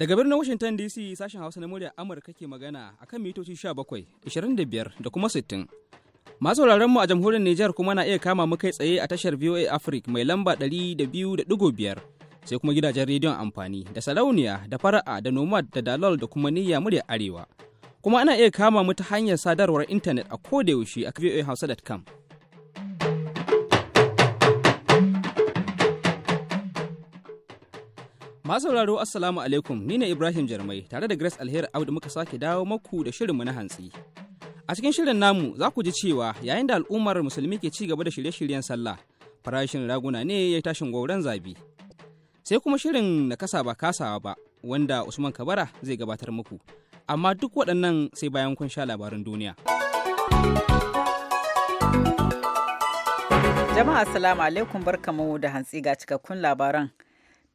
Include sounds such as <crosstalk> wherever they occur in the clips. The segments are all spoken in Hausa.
Daga birnin Washington DC sashen Hausa na muryar Amurka ke magana a kan mitoci 17, 25 da kuma 60. Masu mu a jamhuriyar Nijar kuma na iya kama mu kai tsaye a tashar VOA Africa mai lamba 200.5 sai kuma gidajen rediyon amfani da Salauniya, da fara'a da nomad da dalol da kuma niyya murya arewa. Kuma ana iya kama mu ta hanyar sadarwar intanet a kodayaushe a voahausa.com. sauraro Assalamu alaikum ni ne Ibrahim Jarmai tare da Grace Alheri Audu muka sake dawo maku da shirinmu na hantsi. A cikin shirin namu za ku ji cewa yayin da al'ummar musulmi ke ci gaba da shirye-shiryen sallah farashin raguna ne ya tashin gwauron zabi. Sai kuma shirin na kasa ba kasawa ba wanda Usman Kabara zai gabatar muku. Amma duk waɗannan sai bayan kun sha labarin duniya. Jama'a assalamu alaikum barkamu da hantsi ga cikakkun labaran.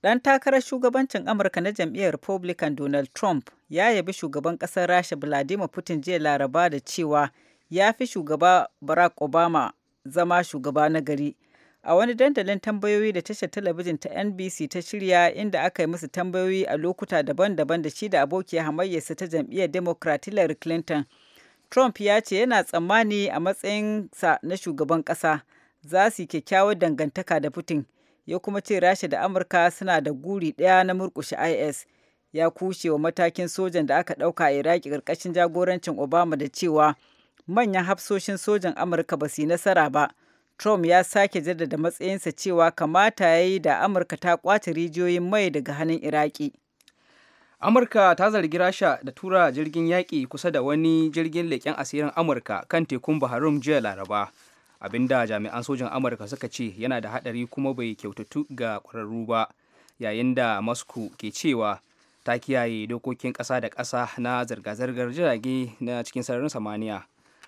Ɗan takarar shugabancin Amurka na jam'iyyar Republican Donald Trump ya yabi shugaban ƙasar Rasha Vladimir Putin jiya Laraba da cewa ya fi shugaba Barack Obama zama shugaba na gari. A wani dandalin tambayoyi da tashar talabijin ta NBC ta shirya inda aka yi musu tambayoyi a lokuta daban-daban da shi da abokiyar hamayyarsa ta jam'iyyar Democrat Hillary Clinton. Trump ya ce yana tsammani a matsayinsa na shugaban ƙasa za su yi kyakkyawar dangantaka da Putin. ya kuma ce rasha da amurka suna da guri ɗaya na murkushe is ya kushe wa matakin sojan da aka ɗauka a iraki ƙarƙashin jagorancin obama da cewa manyan hafsoshin sojan amurka ba su yi nasara ba trump ya sake jaddada matsayinsa cewa kamata ya yi da amurka ta kwace rijiyoyin mai daga hannun iraki amurka ta zargi rasha da tura jirgin yaƙi kusa da wani jirgin leƙen asirin amurka kan tekun baharum jiya laraba abinda jami'an sojin amurka suka ce yana da hadari kuma bai kyautatu ga kwararru ba yayin da moscow ke cewa ta kiyaye dokokin kasa da kasa na zirga-zirgar jirage na cikin sararin samaniya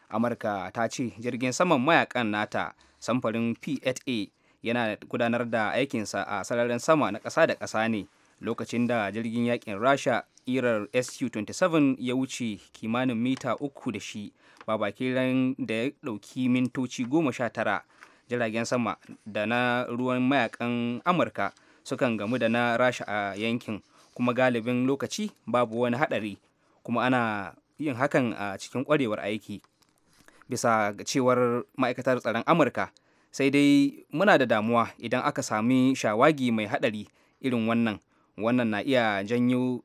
amurka ta ce jirgin saman mayakan nata samfarin pfa yana gudanar da aikinsa a sararin sama na kasa da kasa ne lokacin da jirgin yakin rasha irar su-27 ya wuce kimanin mita uku da shi babakiran da ya ɗauki mintoci goma sha tara jiragen sama da na ruwan mayakan amurka sukan gamu da na rasha a yankin kuma galibin lokaci babu wani haɗari kuma ana yin hakan a cikin ƙwarewar aiki bisa cewar ma'aikatar tsaron amurka sai dai muna da damuwa idan aka sami shawagi mai haɗari irin wannan wannan na iya janyo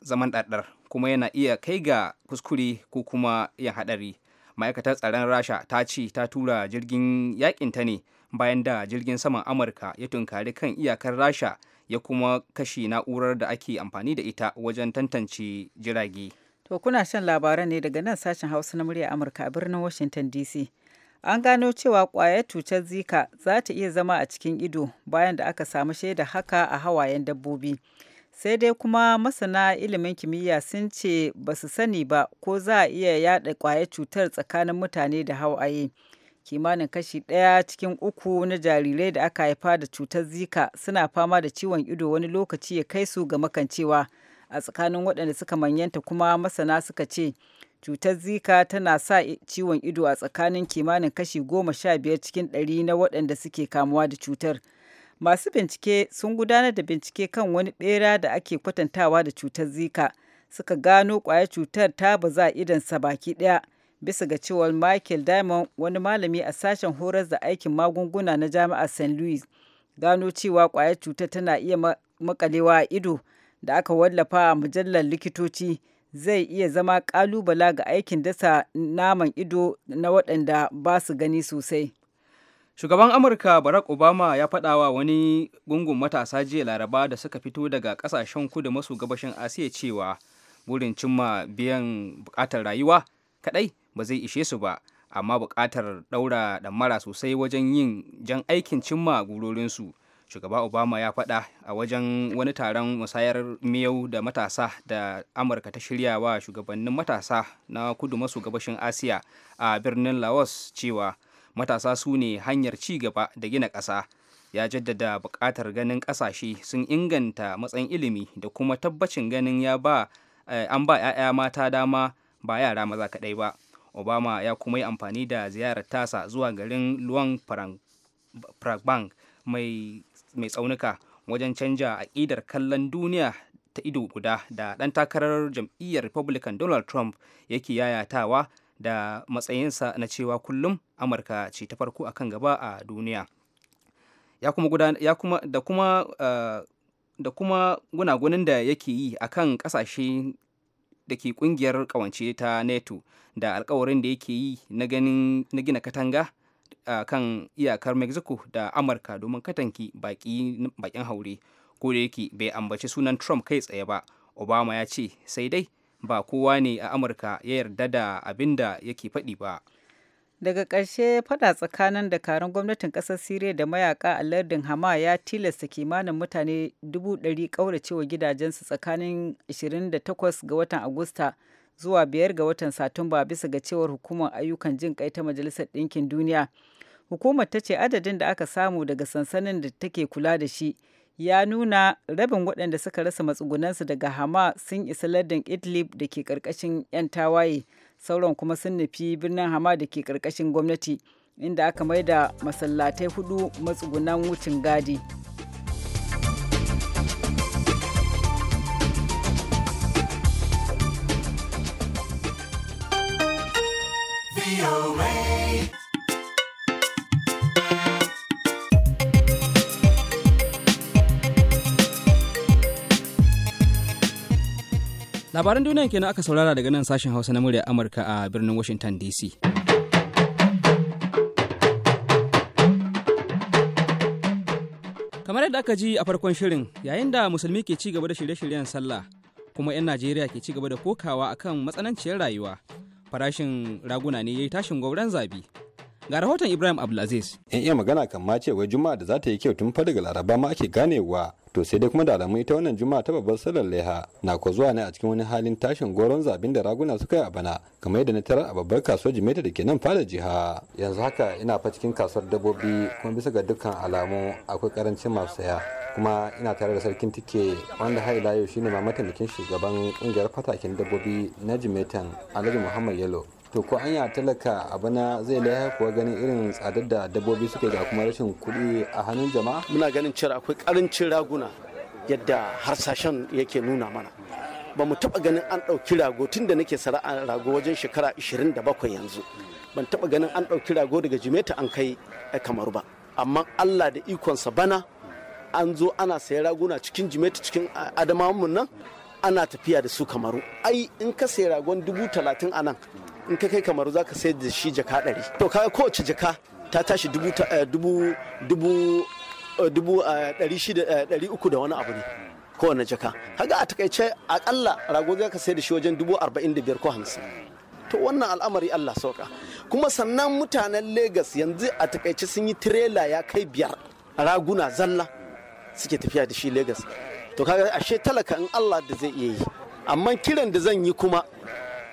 zaman ɗaɗɗar kuma yana iya kai ga kuskure ko kuma yin haɗari ma'aikatar tsaron rasha ta ce ta tura jirgin yakin ta ne bayan da jirgin saman amurka ya tunkari kan iyakar rasha ya kuma kashe na'urar da ake amfani da ita wajen tantance jirage to kuna shan labaran ne daga nan sashen hausa na murya amurka a birnin washington dc an gano cewa kwayar cutar zika za ta iya zama a cikin ido bayan da aka samu shaida haka a hawayen dabbobi Sai dai kuma masana ilimin kimiyya sun ce ba su sani ba ko za a iya yada kwayar cutar tsakanin mutane da hawaye. Kimanin kashi ɗaya cikin uku na jarirai da aka haifa da cutar Zika suna fama da ciwon ido wani lokaci ya kai su ga makancewa. A tsakanin waɗanda suka manyanta kuma masana suka ce cutar Zika tana sa ciwon ido a tsakanin kimanin kashi goma sha biyar cikin ɗari na waɗanda suke kamuwa da cutar. masu bincike sun gudanar da bincike kan wani bera da ake kwatantawa da cutar zika suka gano kwayar cutar ta baza idansa baki daya bisa ga cewar michael diamond wani malami a sashen horar da aikin magunguna na jami'ar st louis gano cewa kwayar cutar tana iya makalewa a ido da aka wallafa a mujallar likitoci zai iya zama kalubala ga aikin dasa naman ido na waɗanda ba su gani sosai shugaban amurka barack obama ya wa wani gungun matasa jiya laraba da suka fito daga ƙasashen kudu maso gabashin asiya cewa burin cimma biyan buƙatar rayuwa kaɗai ba zai ishe su ba amma buƙatar ɗaura mara sosai wajen yin jan aikin cimma gurorinsu shugaba obama ya faɗa a wajen wani taron musayar miyau da matasa da amurka ta shirya wa shugabannin matasa na kudu maso gabashin asiya a birnin laos cewa matasa su ne hanyar ci gaba da gina ƙasa ya jaddada buƙatar ganin ƙasashe sun inganta matsayin ilimi da kuma tabbacin ganin ya ba eh, an ba 'ya'ya mata dama ba yara maza kaɗai ba obama ya kuma yi amfani da ziyarar tasa zuwa garin luang prabang mai tsaunuka wajen canja aƙidar kallon duniya ta ido guda da ɗan takarar jam'iyyar republican donald trump yake yayatawa da matsayinsa na cewa kullum amurka ce ta farko akan gaba a duniya ya kuma da kuma eh, da kuma gunagunin da yake yi akan kan ƙasashe da ke kungiyar ƙawance ta neto da alkawarin da yake yi na gina katanga a eh, kan iyakar mexico da amurka domin katanki bakin haure ko da yake bai ambaci sunan trump kai tsaye ba obama ya ce sai dai ba kowa ne a amurka ya yarda da abin da yake faɗi ba daga ƙarshe faɗa tsakanin dakarun gwamnatin ƙasar siriya da mayaka a lardin hama ya tilasta kimanin mutane 100,000 ƙauracewa gidajensu tsakanin 28 ga watan agusta zuwa 5 ga watan satumba bisa ga cewar hukumar ayyukan jin kai ta majalisar ɗinkin duniya hukumar ta ce adadin da aka samu daga sansanin da take kula da shi ya nuna rabin waɗanda suka rasa matsugunansu daga hama sun isa lardin idlib da ke ƙarƙashin 'yan tawaye sauran kuma sun nufi birnin hama da ke ƙarƙashin gwamnati inda aka maida masallatai hudu matsugunan wucin gadi labaran duniya kenan aka saurara daga nan sashen hausa na murya amurka a birnin washington dc kamar yadda aka ji a farkon shirin yayin da musulmi ke ci gaba da shirye-shiryen sallah kuma 'yan najeriya ke ci gaba da kokawa akan matsananciyar rayuwa farashin raguna ne ya yi tashin gwauran zabi Ga rahoton Ibrahim Abdulaziz. In iya magana kan ma cewa Juma'a da za ta yi kyau tun fa daga Laraba ma ake ganewa. To sai dai kuma da alamu ita wannan Juma'a ta babbar sallar Leha na ko zuwa ne a cikin wani halin tashin goron zabin da raguna suka yi a bana kamar yadda na tarar a babbar kasuwar Jimeta da ke nan fada jiha. Yanzu haka ina fa cikin kasuwar dabbobi kuma bisa ga dukkan alamu akwai karancin masu saya. kuma ina tare da sarkin tike wanda har ila yau shine ma mataimakin shugaban kungiyar fatakin dabbobi na jimetan alhaji muhammad yalo to ko anya talaka na zai laya kuwa ganin irin tsadar da dabbobi suke ga kuma rashin kuɗi a hannun jama'a muna ganin cewa akwai karancin raguna yadda harsashen yake nuna mana ba mu taɓa ganin an ɗauki rago tun da nake sara'a rago wajen shekara 27 yanzu ban taɓa ganin an ɗauki rago daga jimeta an kai kamar ba amma allah da ikonsa bana an zo ana sayi raguna cikin jimeta cikin adamawan nan ana tafiya da su kamaru ai in ka sayi ragon dubu talatin a nan in ka kai kamaru zaka sayar da shi jaka ɗari to kaga kowace jaka ta tashi dubu eh, dubu dubu eh, dubu eh, ɗari shida ɗari uku da wani abu ne kowane jaka kaga a takaice akalla rago zaka ka sayar da shi wajen dubu arba'in da biyar ko hamsin to wannan al'amari Allah sauka kuma sannan mutanen Legas yanzu a takaice sun yi tirela ya kai biyar raguna zalla suke tafiya da shi Legas to kaga ashe talaka in Allah da zai iya yi amma kiran da zan yi kuma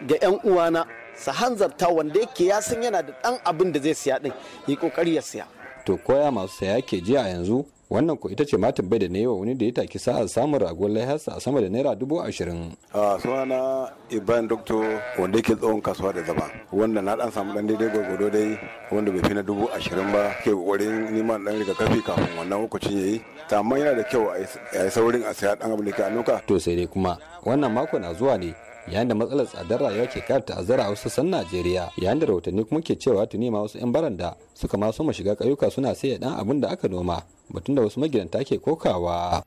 ga 'yan uwana sa hanzarta wanda yake ya san yana da dan abin da zai siya ɗin yi ƙoƙari ya siya. To koya masu saya ke ji a yanzu wannan ko ita ce matan bai da ne wa wani da ya taki sa'a samun ragon lahiyarsa a sama da naira dubu ashirin. a sunana ibrahim doctor wanda yake tsohon kasuwa da zama wanda na dan samu dan daidai gwagwado dai wanda bai fi na dubu ashirin ba ke kokarin neman dan rigakafi kafin wannan lokacin ya yi amma yana da kyau a yi saurin a saya dan abu da ke a nuka. to sai dai kuma wannan mako na zuwa ne yayin da matsalar tsadar rayuwa ke kara ta'azzara a wasu sassan Najeriya yayin da rahotanni kuma ke cewa tuni ma wasu 'yan baranda suka ma mu shiga ƙauyuka suna sai dan abin da aka noma batun da wasu magidanta ke kokawa.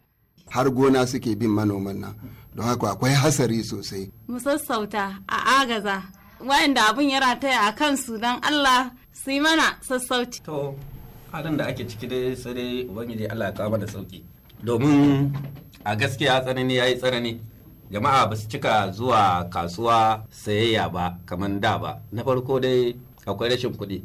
Har gona suke bin manoman nan don haka akwai hasari sosai. Mu sassauta a agaza wayanda abun ya rataya a kansu dan Allah su yi mana sassauci. To halin da ake ciki dai sai dai ubangiji Allah ya kawo mana sauki domin a gaskiya tsanani ya yi tsanani jama'a ba su cika zuwa kasuwa sayayya ba kamar da ba na farko dai akwai rashin kuɗi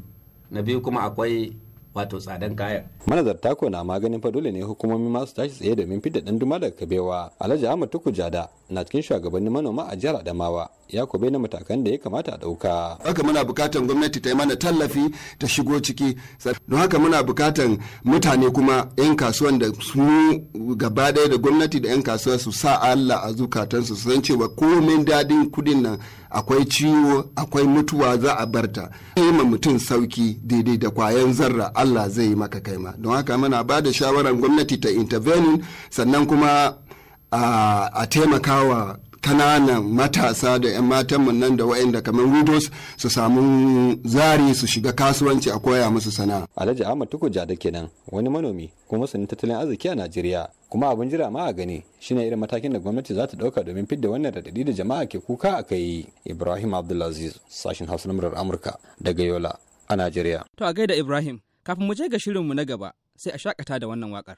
na biyu kuma akwai wato tsadan kayan. Manazarta ko na maganin fa dole ne hukumomi masu tashi tsaye domin fidda dan duma daga kabewa. Alhaji Ahmad Tukujada na cikin shugabannin manoma a jihar Adamawa ya kube na matakan da ya kamata a ɗauka. Haka muna bukatan gwamnati ta yi mana tallafi ta shigo ciki. Don haka muna bukatan mutane kuma 'yan kasuwan da su gaba ɗaya da gwamnati da 'yan kasuwa su sa Allah a zukatansu su san cewa komai dadin kudin nan akwai ciwo akwai mutuwa za a barta yi ma mutum sauki daidai da kwayan zarra Allah zai yi maka kaima don haka muna ba da shawarar gwamnati ta intervening sannan kuma ah, a taimakawa kananan matasa da 'yan matanmu nan da wa'inda kamar widows su samu zari su shiga kasuwanci a koya musu sana'a. Alhaji Ahmad Tukuja da kenan wani manomi kuma sanin tattalin arziki a Najeriya kuma abin jira ma a gani shine irin matakin da gwamnati za ta dauka domin fidda wannan radadi da jama'a ke kuka a kai. Ibrahim Abdulaziz sashin Hausa na Amurka daga Yola a Najeriya. To a gaida Ibrahim kafin mu je ga shirin mu na gaba sai a shakata da wannan wakar.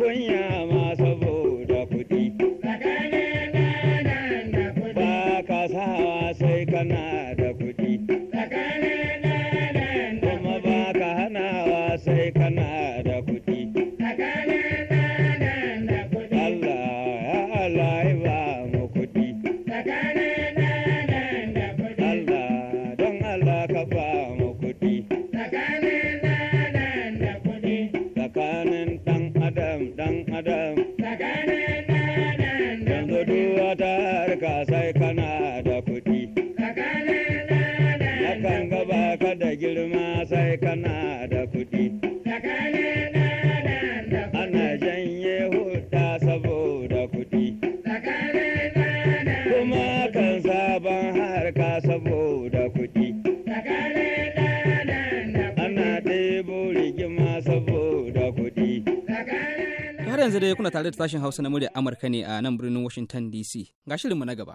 kunya ma saboda kuɗi. Ba ka sawa sai kana da sai kana da kuɗi. Ana janye huda saboda kuɗi. Kuma kan sabon harka saboda kuɗi. Ana ɗebo rigima saboda kuɗi. Har yanzu dai kuna tare da sashen Hausa na murya Amurka ne a nan birnin Washington DC. Ga shirinmu na gaba.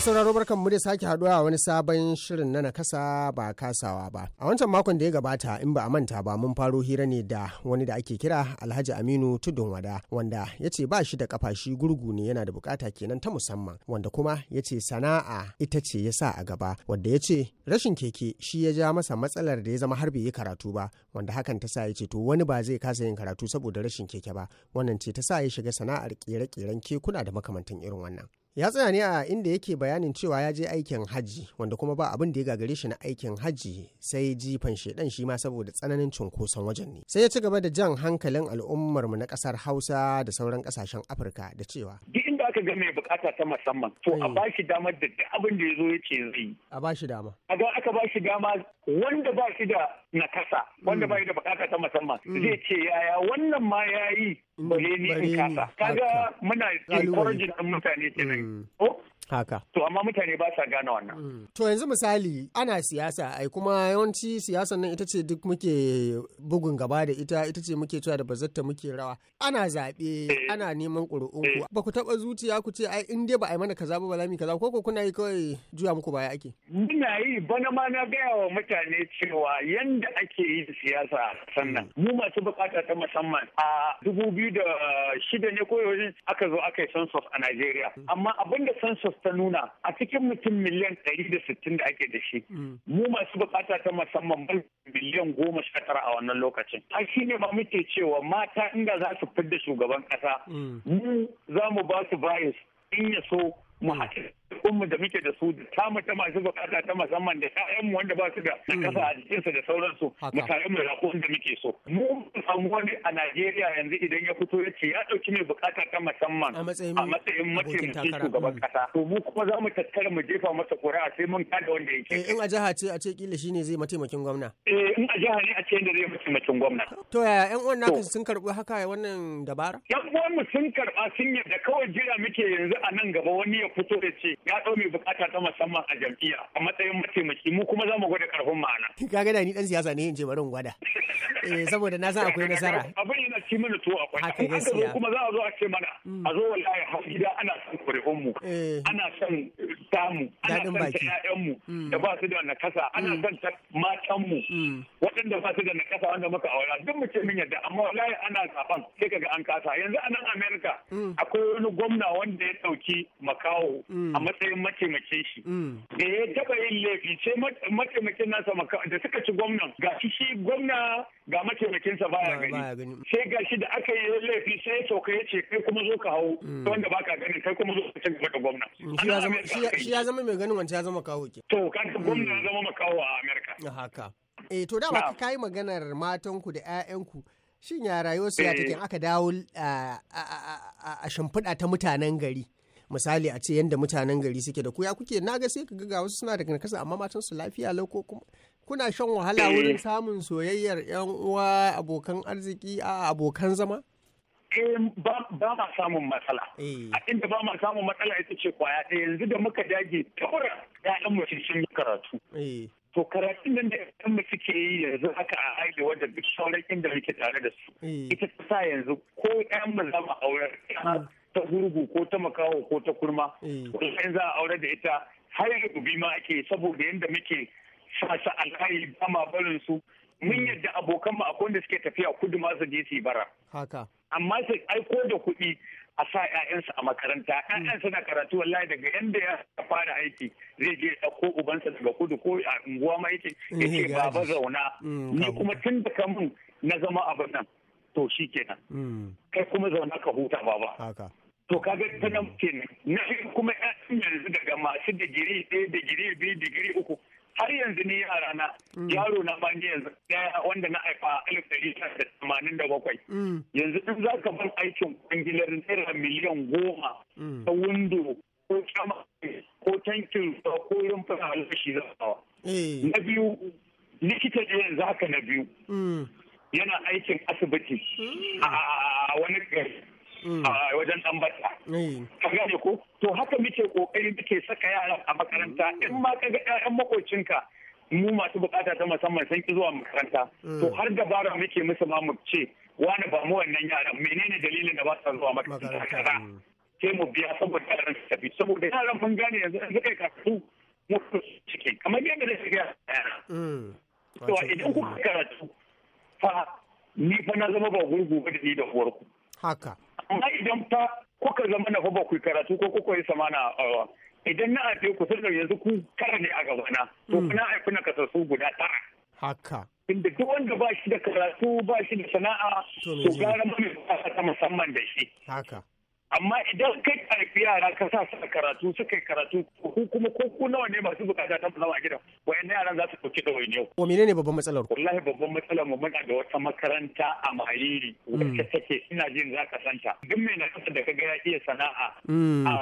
sauraro barkan mu da sake haduwa a wani sabon shirin na nakasa ba kasawa ba. A wancan makon da ya gabata in ba a manta ba mun faro hira ne da wani da ake kira Alhaji Aminu Tudun Wada wanda ya ce ba shi da kafa shi gurgu ne yana da bukata kenan ta musamman wanda kuma ya ce sana'a ita ce ya sa a gaba wanda ya ce rashin keke shi ya ja masa matsalar da ya zama har bai yi karatu ba wanda hakan ta sa ya ce to wani ba zai kasa yin karatu saboda rashin keke ba wannan ce ta sa ya shiga sana'ar kere-keren kekuna da makamantan irin wannan. ya tsaya ne a inda yake bayanin cewa ya je aikin hajji wanda kuma ba abin da ya gagare shi na aikin hajji sai jifan shedan shi ma saboda tsananin cunkoson wajen ne sai ya ci gaba da jan hankalin al'ummarmu mu na kasar hausa da sauran kasashen afirka da cewa aka ga mai bukata ta musamman to a hmm. bashi damar da duk abin da ya zo ya ce zai a bashi dama a ga aka bashi dama wanda ba shi da na kasa wanda mm. bai da bukata ta musamman mm. zai ce yaya wannan ma ya yi mm, bare ni in kasa kaga muna encouraging din mutane kenan oh, haka to amma mutane ba sa gane wannan to yanzu misali ana siyasa ai kuma yawanci siyasan nan ita ce duk muke bugun gaba da ita ita ce muke cewa da bazatta muke rawa ana zaɓe eh. ana neman ƙuri'unku eh. ba ku taɓa zuciya ku ce ai in dai ba a yi mana kaza ba balami kaza ko ko kuna yi kawai juya muku baya ake muna yi bana ma na gaya wa mutane cewa yanda yadda ake yin siyasa sannan mu masu bukata ta musamman a dubu biyu da shida ne ko yaushe aka zo aka yi census a Najeriya amma abin da census ta nuna a cikin mutum miliyan ɗari da sittin da ake da shi mu masu bukata ta musamman miliyan goma sha tara a wannan lokacin a shi ne ma muke cewa mata inda za su fidda shugaban kasa mm. mu za mu ba su bias in ya so mu haƙi mu da muke da su da tamu ta masu bukata ta musamman da ƴaƴanmu wanda ba su da hmm. nakasa a jikinsu da sauransu mu tare mu rako da muke so mu samu wani a Najeriya yanzu idan ya fito ya ce ya ɗauki mai bukata ta musamman a matsayin mataimakin shugaban kasa hmm. to mu kuma za mu tattara mu jefa masa ƙuri'a sai mun kada wanda yake eh, in a jiha ce a ce kila shine zai mataimakin gwamna eh in a jiha ne a ce yanda zai mataimakin gwamna to ya ƴan uwan naka sun karɓi haka wannan dabara ƴan uwan mu sun karɓa sun yadda kawai jira muke yanzu a nan gaba wani ya fito ya ce ya ɗau mai bukata ta musamman a jam'iyya a matsayin mataimaki mu kuma za mu gwada karfin ma'ana. <laughs> Ka gada ni ɗan siyasa ne in ce barin gwada. Eh saboda na san akwai nasara. <laughs> Abin yana ci mana tuwo akwai. Haka gaskiya. Kuma za a zo a ce mana a zo wallahi hau gida ana son kuri'un mu. Eh. Ana son samu. Ana son ta ƴaƴan mu mm. da ba su da nakasa. Ana mm. son matan mu. Mm. Waɗanda ba su da nakasa wanda muka aura duk mu ce min yadda amma wallahi ana zaɓan sai ga an kasa yanzu a nan Amerika akwai wani gwamna wanda ya ɗauki makawo. a matsayin mataimakin shi mm. da ya taba yin laifi sai mataimakin nasa da suka ci gwamnan ga shi shi gwamna ga mataimakinsa baya gani sai ga shi da aka yi laifi sai sauka ya ce kai kuma zo ka hau mm. wanda baka gani kai kuma zo ka ci gaba da gwamna mm, shi ya zama mai ganin wancan ya zama kawo ke to kaga gwamna ya zama makawo a amerika haka eh to dama ka kai maganar matanku da 'ya'yanku shin ya rayuwa su ya take eh. aka dawo a shimfiɗa ta mutanen gari misali a ce yadda mutanen gari suke da kuya kuke na ga sai ka ga wasu suna da nakasa amma matan su lafiya lau ko kuma kuna shan wahala eh. wurin samun soyayyar yan uwa abokan arziki a abokan zama eh, ba ma samun matsala eh. a inda ba ma samun matsala ita ce kwaya ta yanzu da muka dage taura ya'yan mu sun karatu to karatun nan da yan mu suke yi yanzu haka a aiki wadda duk sauran inda muke tare da su ita ta sa yanzu ko yan mu zama auren ah. ta hurgu ko ta makaho ko ta kurma wajen eh. za a aure da ita har rubi ma ake saboda yadda muke sasa su ba ma barin su mun hmm. yadda abokan mu akwai wanda suke tafiya kudu ma su je su bara haka amma ai aiko da kuɗi a sa 'ya'yansu a makaranta 'ya'yan hmm. suna karatu wallahi daga yadda ya fara aiki zai je ko ubansa daga kudu ko a unguwa ma yake hmm. yake baba zauna ni kuma tun da kamun na zama abin nan to shi kenan kai kuma zauna ka huta baba to kaga ta nan kenan na kuma yanzu daga masu digiri ɗaya digiri biyu digiri uku har yanzu ni yara na mm. yaro na ba yanzu daya wanda na haifa alif dari da tamanin da bakwai mm. yanzu in za ka bar aikin kwangilar naira miliyan goma mm. ta windo ko kama ko tankin ko rumfar halashi hawa eh. na biyu likita ne yanzu haka na biyu yana aikin asibiti a wani gari Mm. wajen dan barka mm. ka gane ko to haka muke ƙoƙari muke saka yara a makaranta mm. in ma ga ƴaƴan makocinka mu masu bukata ta musamman sun ki zuwa makaranta to har dabara muke musu ma mu ce wani ba mu wannan yaran menene dalilin da ba sa zuwa makaranta sai mu biya saboda yaran su tafi saboda yaran mun gane yanzu an suka yi karatu mu ciki kamar yadda da shiga yaran to idan kuka karatu fa ni fa na zama ba gurgu ba da ni da uwarku haka amma idan fa kuka zama na fa ba ku karatu ko kuka yi samana idan na haife ku sun yanzu ku kara ne a gabana to kuna hmm. haifi na kasasu guda tara haka inda duk wanda ba shi da karatu ba shi da sana'a to gara mana ta musamman da shi haka amma idan kai karfi yara ka sa su karatu suka yi karatu ko kuma ko ku nawa ne masu bukata ta zama a gidan wayan yaran za su dauki da wani yau wa menene babban matsalar wallahi babban matsalar mu muna da wata makaranta a Mahiri wacce mm. take ina jin za ka santa duk mai na da ka ga ya iya sana'a mm. a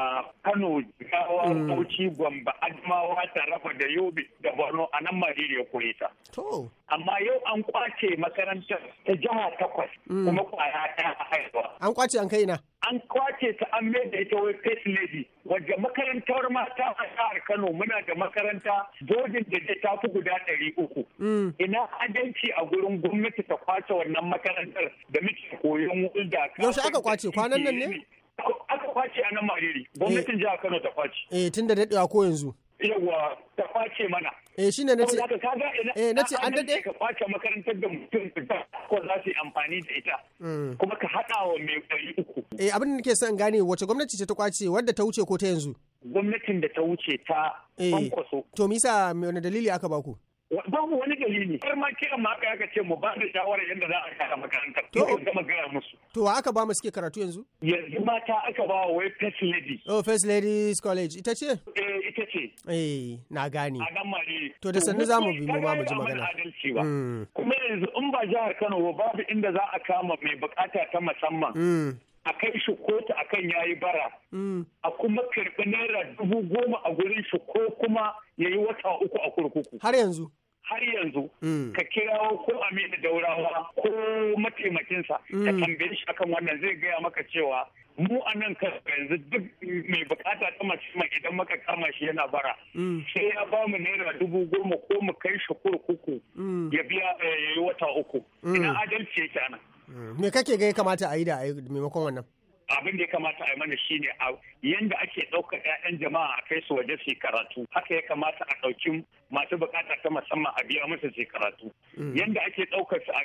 Kano Jigawa mm. Bauchi Gombe Adamawa Taraba da Yobe da Borno a nan Mahiri ya koyi ta to amma yau an kwace makarantar ta jiha takwas mm. kuma kwaya ta haihuwa. An kwace an kai na? An kwace ta an mai da ita wai face Lady wadda makarantar mata a jihar Kano muna da makaranta bodin da ta fi guda ɗari uku. Mm. Ina adalci a gurin gwamnati ta kwace wannan makarantar da muke koyon wulda. Yaushe aka kwace kwanan nan ne? Aka kwace a nan Mariri, gwamnatin eh. jihar Kano ta kwace. Eh tun da daɗewa ko yanzu. Yawwa ta kwace mana. eh shi ne nace eh nace an dade ka kwace makarantar da mutum da ko za su yi amfani da ita mm. kuma ka hada wa mai ɗari uku eh abin da nake son gane wace gwamnati ce ta kwace wadda ta wuce ko ta yanzu gwamnatin da ta wuce ta eh, kwankwaso to misa me wani dalili aka baku babu wani dalili har ma kiran ma aka aka ce mu ba da shawara yadda za a kara makarantar to in gama musu to aka ba mu suke karatu yanzu yanzu mata aka ba wai first lady oh first ladies college ita ce eh ita ce eh na gane a nan mare to da sannu zamu bi mu ma mu ji magana mm. kuma yanzu in ba jihar Kano babu inda za a kama mai bukata ta musamman mm. a kai shi kotu a kan yayi bara mm. a kuma karɓi naira dubu goma a gurin shi ko kuma ya yi wata uku a kurkuku har yanzu har yanzu mm. ka kirawo ko aminu daurawa ko mataimakinsa ka mm. tambaye shi akan wannan zai gaya maka cewa mu a nan ka yanzu duk mai bukata ta musamman idan maka kama shi yana bara mm. sai ya ba mu naira dubu goma ko mu kai shi kurkuku ya biya eh, ya yi wata uku ina adalci yake anan me kake ga kamata a yi da maimakon wannan abin da ya kamata a yi mana shine a yanda ake ɗaukar 'ya'yan jama'a a kai su waje su karatu haka ya kamata a ɗauki masu bukata ta musamman a biya musu su karatu mm. yanda ake ɗaukar su a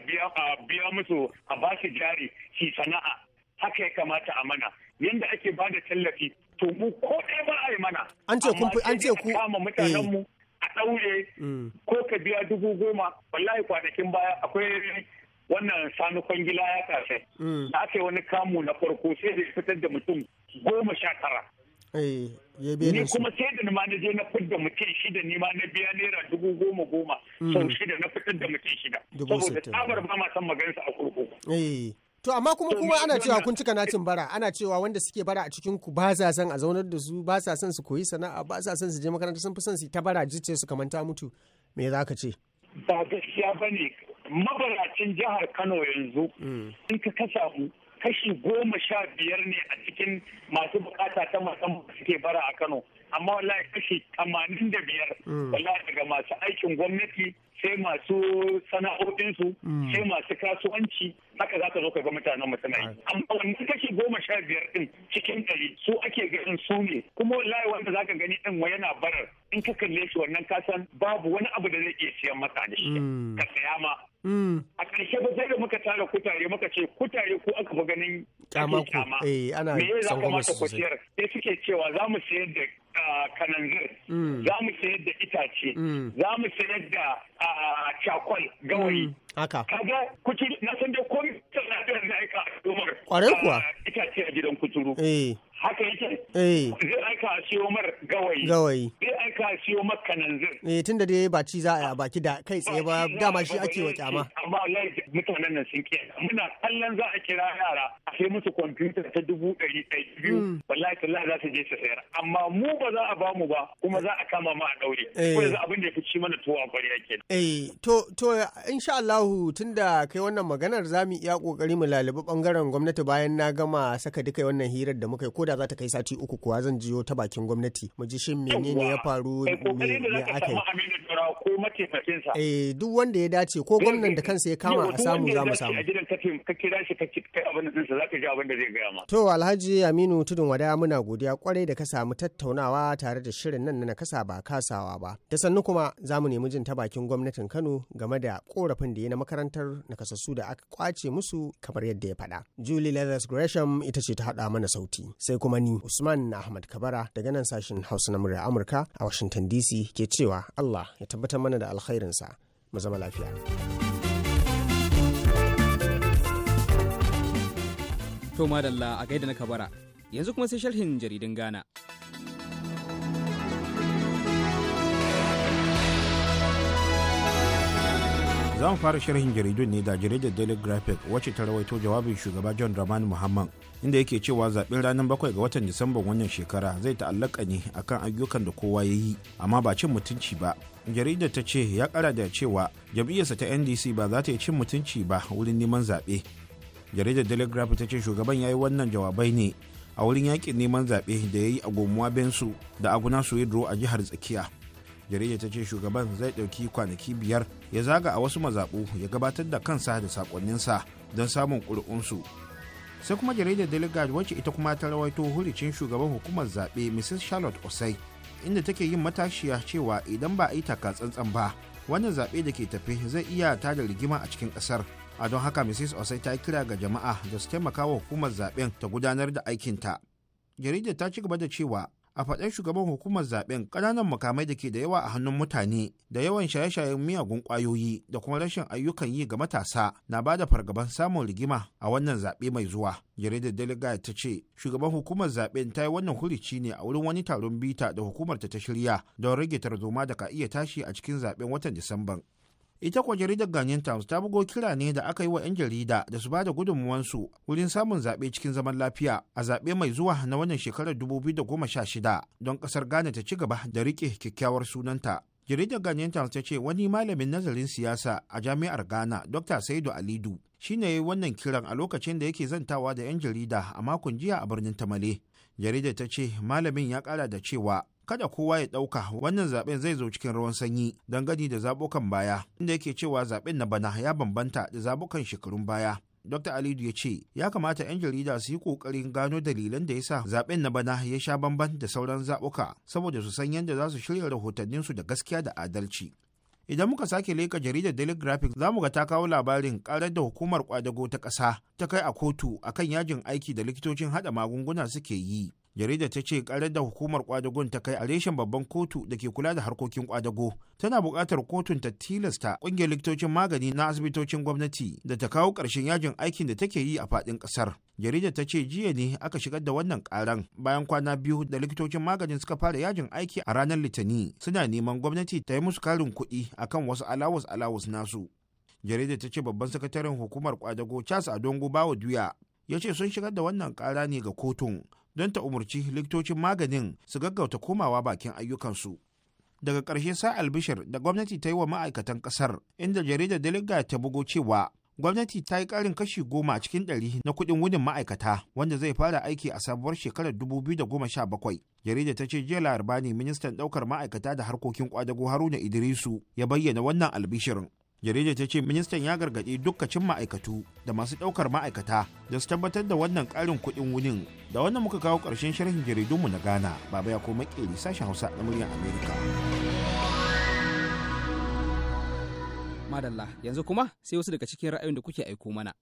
biya musu a ba su jari su sana'a haka ya kamata a mana yanda ake ba da tallafi to mu ko ɗaya ba a yi mana an ce kun an ce ku kama mutanenmu eh. a ɗaure mm. ko ka biya dubu goma wallahi kwanakin baya akwai wannan sanu kwangila ya kafe mm. da aka yi wani kamu na farko sai da fitar da mutum goma sha tara eh, ni kuma sai da nima na je na fitar da mutum shida ni ma na biya naira dubu goma goma mm. sau shida na fitar da mutum shida saboda tsabar ba ma san magansa a kurkuku eh. To amma kuma kuma ana cewa kun cika nacin bara ana cewa wanda suke bara a cikin ku ba sa son a zaunar da su ba sa son su koyi sana'a ba sa son su je makaranta sun fi son su ta bara jice su kamanta mutu me za ka ce? Ba gaskiya ba ne mabaracin jihar kano yanzu mm. in ka kasa kashi goma sha biyar ne a cikin masu bukata ta musamman suke bara a kano amma wallahi kashi tamanin da biyar mm. wallahi daga masu aikin gwamnati sai masu sana'o'insu mm. sai masu kasuwanci haka za ka zo ka ga mutanen mu amma wannan kashi goma sha biyar din cikin ɗari su ake ganin su ne kuma wallahi wanda za ka gani din wa yana barar in ka kalle shi wannan kasan babu wani abu da zai iya siyan masa da shi mm. ka saya ma a ƙarshe ba sai da muka tara kutare muka ce kutare ko aka fi ganin kyama eh, me ya kamata ku siyar sai suke cewa za mu sayar da kananzir mm. za mu sayar da itace mm. za mu sayar da cakwal gawayi mm. haka kaga kuci na san dai komai sanadiyar na aika domar kwarai kuwa itace a gidan kuturu eh. haka yake eh. zai aika siyo mar gawayi gawayi zai aika siyo mar kananzir eh tunda dai ba ci za a baki da kai tsaye ba dama shi ake wa kyama amma wallahi mutanen nan sun kiyaye muna kallon za a kira yara ke musu kwamfuta ta dubu ɗari ɗari biyu mm. wallahi tallah za su je su sayar amma mu ba za a ba mu ba kuma za a kama ma a ɗaure ko eh. yanzu abin da ya fi ci mana tuwo a kwarya kenan. eh to to insha Allahu tunda kai wannan maganar za mu iya kokari mu lalibi bangaren gwamnati bayan na gama saka duka wannan hirar da muka yi koda za ta kai sati uku kuwa zan jiyo ta bakin gwamnati mu ji shin menene ya faru eh, ne aka yi. ko mataimakinsa. Eh duk wanda ya dace ko gwamnan da kansa ya kama a samu za mu samu. ka kira shi ka kai abin da za abin da zai gaya ma. To Alhaji Aminu Tudun Wada muna godiya kwarai da ka samu tattaunawa tare da shirin nan na kasa ba kasawa ba. Da sannu kuma za mu nemi jin ta bakin gwamnatin Kano game da korafin da ya na makarantar nakasassu da aka kwace musu kamar yadda ya faɗa. Julie Leathers Gresham ita ce ta haɗa mana sauti. Sai kuma ni Usman Ahmad Kabara daga nan sashen Hausa na murya Amurka a Washington DC ke cewa Allah ya tabbatar mana da alkhairinsa. Mu zama lafiya. To madalla a gaida na kabara, yanzu kuma sai sharhin jaridun Ghana. za mu fara sharhin jaridun ne da jaridar daily graphic wacce ta rawaito jawabin shugaba john dramani muhammad inda yake cewa zaɓen ranar bakwai ga watan disamban wannan shekara zai ta'allaka ne akan ayyukan da kowa ya yi amma ba cin mutunci ba jaridar ta ce ya kara da cewa jam'iyyarsa ta ndc ba za ta yi cin mutunci ba wurin neman zaɓe jaridar telegraph ta ce shugaban ya yi wannan jawabai ne a wurin yakin neman zaɓe da ya yi a gomuwa bensu da aguna suwidro a jihar tsakiya jaridar ta ce shugaban zai ɗauki kwanaki biyar ya zaga a wasu mazaɓu ya gabatar da kansa da sakonninsa don samun ƙuri'unsu sai kuma jaridar delegate wacce ita kuma ta rawaito hulicin shugaban hukumar zaɓe mrs charlotte osai inda take yin matashiya cewa idan ba a yi takatsantsan ba wannan zaɓe da ke tafe zai iya tada rigima a cikin ƙasar a don haka mrs osai ta kira ga jama'a da su taimaka wa hukumar zaben ta gudanar da aikinta jaridar ta ci gaba da cewa a faɗin shugaban hukumar zaben ƙananan makamai da ke da yawa a hannun mutane da yawan shaye-shayen miyagun ƙwayoyi da kuma rashin ayyukan yi ga matasa na ba da fargaban samun rigima a wannan zaɓe mai zuwa jaridar delegate ta ce shugaban hukumar zaben ta yi wannan hurici ne a wurin wani taron bita da hukumar ta ta shirya don rage tarzoma da ka iya tashi a cikin zaben watan disamban ita kwa jaridar ganyen times ta bugo kira ne da aka yi wa 'yan jarida da su ba da gudunmuwansu wurin samun zaɓe cikin zaman lafiya a zaɓe mai zuwa na wannan shekarar 2016 don ƙasar ghana ta ci gaba da riƙe kyakkyawar sunanta jaridar ganyen times ta ce wani malamin nazarin siyasa a jami'ar ghana dr saidu alidu shine ya yi wannan kiran a lokacin da yake zantawa da 'yan jarida a makon jiya a birnin tamale jaridar ta ce malamin ya ƙara da cewa kada kowa ya ɗauka wannan zaben zai zo cikin rawan sanyi don gani da zabukan baya inda yake cewa zaben na bana ya bambanta da zabukan shekarun baya dr alidu ya ce ya kamata 'yan jarida su yi ƙoƙarin gano dalilan da ya sa zaɓen na bana ya sha bamban da sauran zaɓuka saboda su san yadda za su shirya rahotanninsu da gaskiya da adalci idan muka sake leka jaridar daily graphic za mu ga ta kawo labarin karar da hukumar kwadago ta ƙasa ta kai a kotu akan yajin aiki da likitocin haɗa magunguna suke yi jaridar ta ce karar da hukumar kwadagon ta kai a reshen babban kotu da ke kula da harkokin kwadago tana buƙatar kotun ta tilasta ƙungiyar likitocin magani na asibitocin gwamnati da ta kawo ƙarshen yajin aikin da take yi a faɗin ƙasar jaridar ta ce jiya ne aka shigar da wannan ƙaran bayan kwana biyu da likitocin maganin suka fara yajin aiki a ranar litinin suna neman gwamnati ta yi musu karin kuɗi akan wasu alawas alawus nasu jarida ta ce babban sakataren hukumar kwadago charles adongo bawa duya ya ce sun shigar da wannan kara ne ga kotun don ta umarci likitocin maganin su gaggauta komawa bakin ayyukansu. Daga ƙarshe sa albishir da gwamnati ta yi wa ma'aikatan ƙasar inda jaridar Deliga ta bugo cewa gwamnati ta yi ƙarin kashi goma a cikin ɗari na kuɗin wunin ma'aikata wanda zai fara aiki a sabuwar shekarar 2017. jaridar ta ce jiya laraba ne ministan ɗaukar ma'aikata da harkokin ƙwadago Haruna Idrisu ya bayyana wannan albishirin. jarida ta ce ministan ya gargaɗi dukkacin ma'aikatu da masu ɗaukar ma'aikata da su tabbatar da wannan ƙarin kuɗin wunin da wannan muka kawo ƙarshen sharhin jaridunmu na ghana baba ya koma ƙeri sashen hausa na muryar amerika madalla yanzu kuma sai wasu daga cikin ra'ayin da kuke aiko mana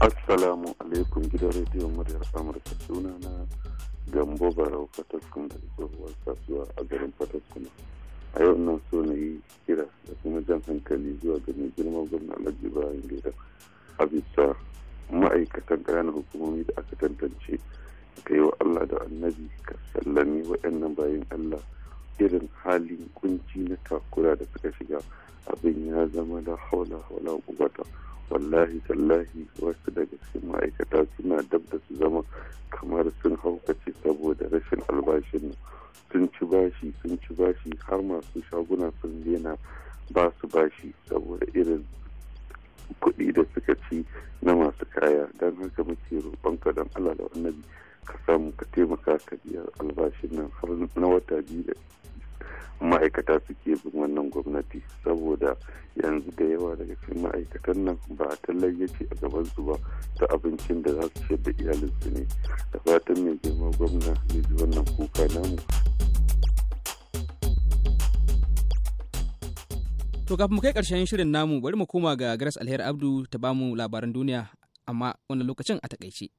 assalamu alaikum gidan rediyon muryar amurka sunana gambo barau fataskun da wasu kasuwa a garin fataskun a yau nan so na yi kira da kuma jan hankali zuwa ga mai girma gwamna alhaji bayan gida a bisa ma'aikatan kayan hukumomi da aka tantance ka yi wa allah da annabi ka sallami waɗannan bayan allah irin halin kunci na takura da suka shiga abin ya zama da haula haula kubata wallahi tallahi wasu daga cikin ma'aikata suna dab da su zama kamar sun haukace saboda rashin albashin sun ci bashi sun ci bashi har masu shaguna sun daina ba su bashi saboda irin kuɗi da suka ci na masu kaya don haka muke ka don allah da annabi ka samu ka taimaka ka biya albashin nan har na wata biyu ma'aikata suke bin wannan gwamnati saboda yanzu da yawa daga cikin ma'aikatan nan ba tallar ya ce gaban gabansu ba ta abincin da za su ciyar da iyalinsu ne da fatan mai girma gwamna ne ji wannan kuka namu To kafin mu kai karshen shirin namu bari mu koma ga garas Alher Abdu ta bamu labaran duniya amma wannan lokacin a takaice.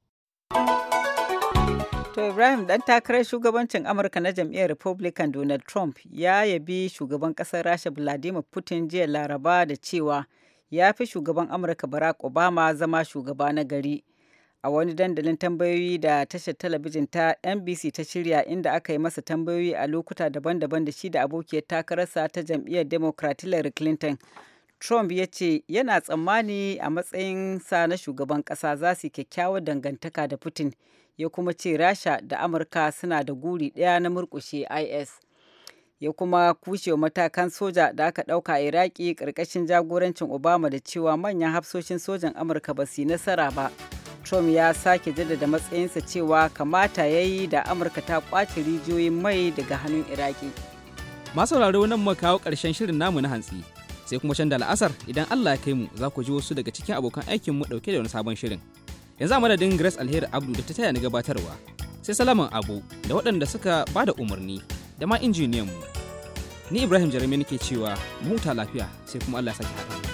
To Ibrahim dan takarar shugabancin Amurka na jam'iyyar Republican Donald Trump ya yabi shugaban ƙasar Rasha Vladimir Putin jiya Laraba da cewa ya fi shugaban Amurka Barack Obama zama shugaba na gari. A wani dandalin tambayoyi da tashar talabijin ta NBC ta shirya inda aka yi masa tambayoyi a lokuta daban-daban da shi da abokiyar takararsa ta jam'iyyar Democrat Hillary Clinton. Trump ya ce yana tsammani a matsayin sa na shugaban ƙasa za su kyakkyawar dangantaka da Putin. ya kuma ce rasha da amurka suna da guri ɗaya na murkushe is ya kuma kushe matakan soja da aka ɗauka a iraki ƙarƙashin jagorancin obama da cewa manyan hafsoshin sojan amurka ba su yi nasara ba trump ya sake jaddada matsayinsa cewa kamata ya yi da amurka ta kwace rijiyoyin mai daga hannun iraki masauraro nan mu kawo karshen shirin namu na hantsi sai kuma can da la'asar idan allah ya kai mu za ku ji wasu daga cikin abokan aikin mu ɗauke da wani sabon shirin yanzu a madadin grace alheri abdu da ta taya ni gabatarwa sai salaman abu da waɗanda suka ba da umarni da ma injiniyanmu ni ibrahim jarumi nake cewa mu huta lafiya sai kuma allah ya sake haɗa